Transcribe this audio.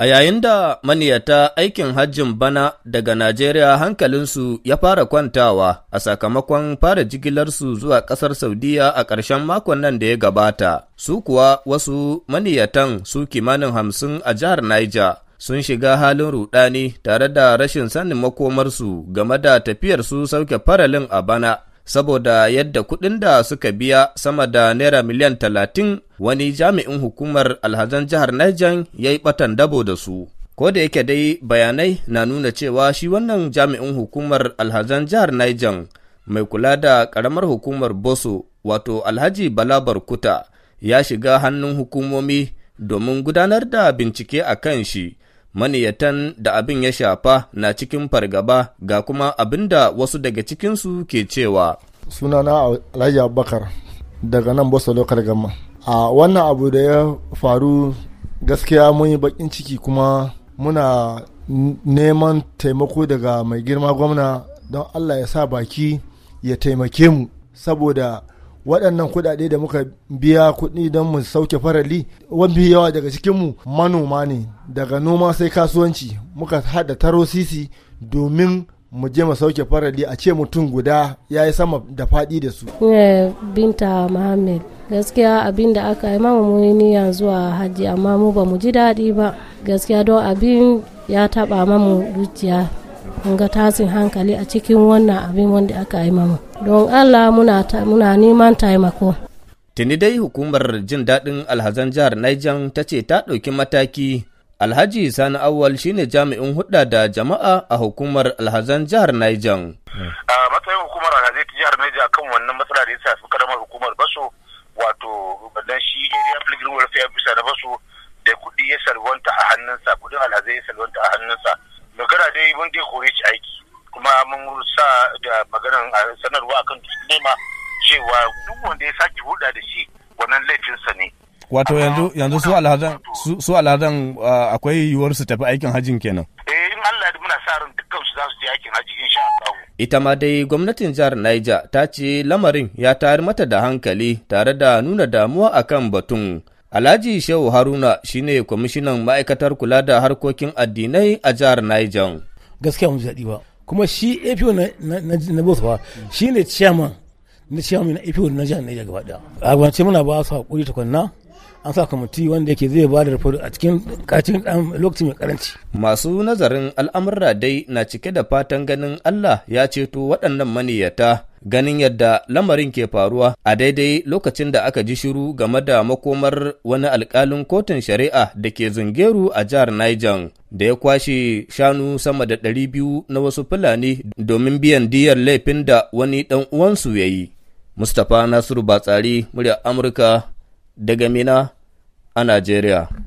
A yayin da maniyata aikin hajjin bana daga Najeriya hankalinsu ya fara kwantawa a sakamakon fara jigilarsu zuwa ƙasar Saudiya a ƙarshen makon nan da ya gabata, su kuwa wasu maniyatan su kimanin hamsin a jihar Niger sun shiga halin rudani tare da rashin sanin makomarsu game da tafiyarsu sauke faralin a bana. saboda yadda kuɗin da suka biya sama da naira miliyan talatin wani jami'in hukumar alhazan jihar Niger ya yi ɓatan dabo da su. Ko da yake dai bayanai na nuna cewa shi wannan jami'in hukumar alhazan jihar Niger mai kula da ƙaramar hukumar Boso wato Alhaji Bala Barkuta ya shiga hannun hukumomi domin gudanar da bincike a kan shi. maniyatan da abin ya shafa na cikin fargaba ga kuma abin da wasu daga cikinsu ke cewa. Sunana Alhaji Abubakar daga nan Bosa Lokar gama. A wannan abu da ya faru gaskiya mun yi bakin ciki kuma muna neman taimako daga mai girma gwamna don Allah ya sa baki ya taimake mu saboda waɗannan kuɗaɗe da muka biya kuɗi don mu sauke farali wani yawa daga cikinmu manoma ne daga noma sai kasuwanci muka haɗa taro sisi domin mu je mu sauke farali a ce mutum guda ya yi sama da faɗi da su. binta Muhammad gaskiya abin da aka yi mama muni zuwa hajji amma mu ba mu ji daɗi ba gaskiya don abin ya taɓa mamu zuciya ga tasin hankali a cikin wannan abin wanda aka yi mamu don allah muna, neman taimako tuni dai hukumar jin daɗin alhazan jihar niger ta ce ta ɗauki mataki alhaji sani awal shine jami'in hudda da jama'a a hukumar alhazan jihar niger a matsayin hukumar alhazai ta jihar niger kan wannan matsala da ya shafi karamar hukumar baso wato dan shi area bisa na da kuɗi ya salwanta a hannunsa kuɗin alhazai ya salwanta a hannunsa dai mun dai kore shi aiki kuma mun sa da maganar sanarwa akan nema cewa duk wanda ya sake hulɗa da shi wannan laifinsa ne wato yanzu yanzu su alhazan su alhazan akwai yiwuwar su tafi aikin hajjin kenan eh in Allah muna sa ran dukkan su za su je aikin hajji insha Allah ita ma dai gwamnatin jihar Niger ta ce lamarin ya tayar mata da hankali tare da nuna damuwa akan batun Alhaji Shehu Haruna shine kwamishinan ma'aikatar kula da harkokin addinai a jihar Niger gaskiya mun ji daɗi ba kuma shi APO na na ba shi ne chairman na chairman na APO na jihar Niger gaba ɗaya a gwamnati muna ba su hakuri tukunna an sa kwamiti wanda yake zai bada rahoto a cikin kacin lokaci mai karanci. Masu nazarin al'amurra dai na cike da fatan ganin Allah ya ceto waɗannan maniyata. ganin yadda lamarin ke faruwa a daidai lokacin da aka ji shiru game da makomar wani alkalin kotun shari'a da ke zungeru a jihar Niger da ya kwashe shanu sama da ɗari biyu na wasu Fulani domin biyan diyar laifin da wani ɗan uwansu ya yi. Mustapha Nasiru Batsari, murya Amurka daga Mina a Najeriya.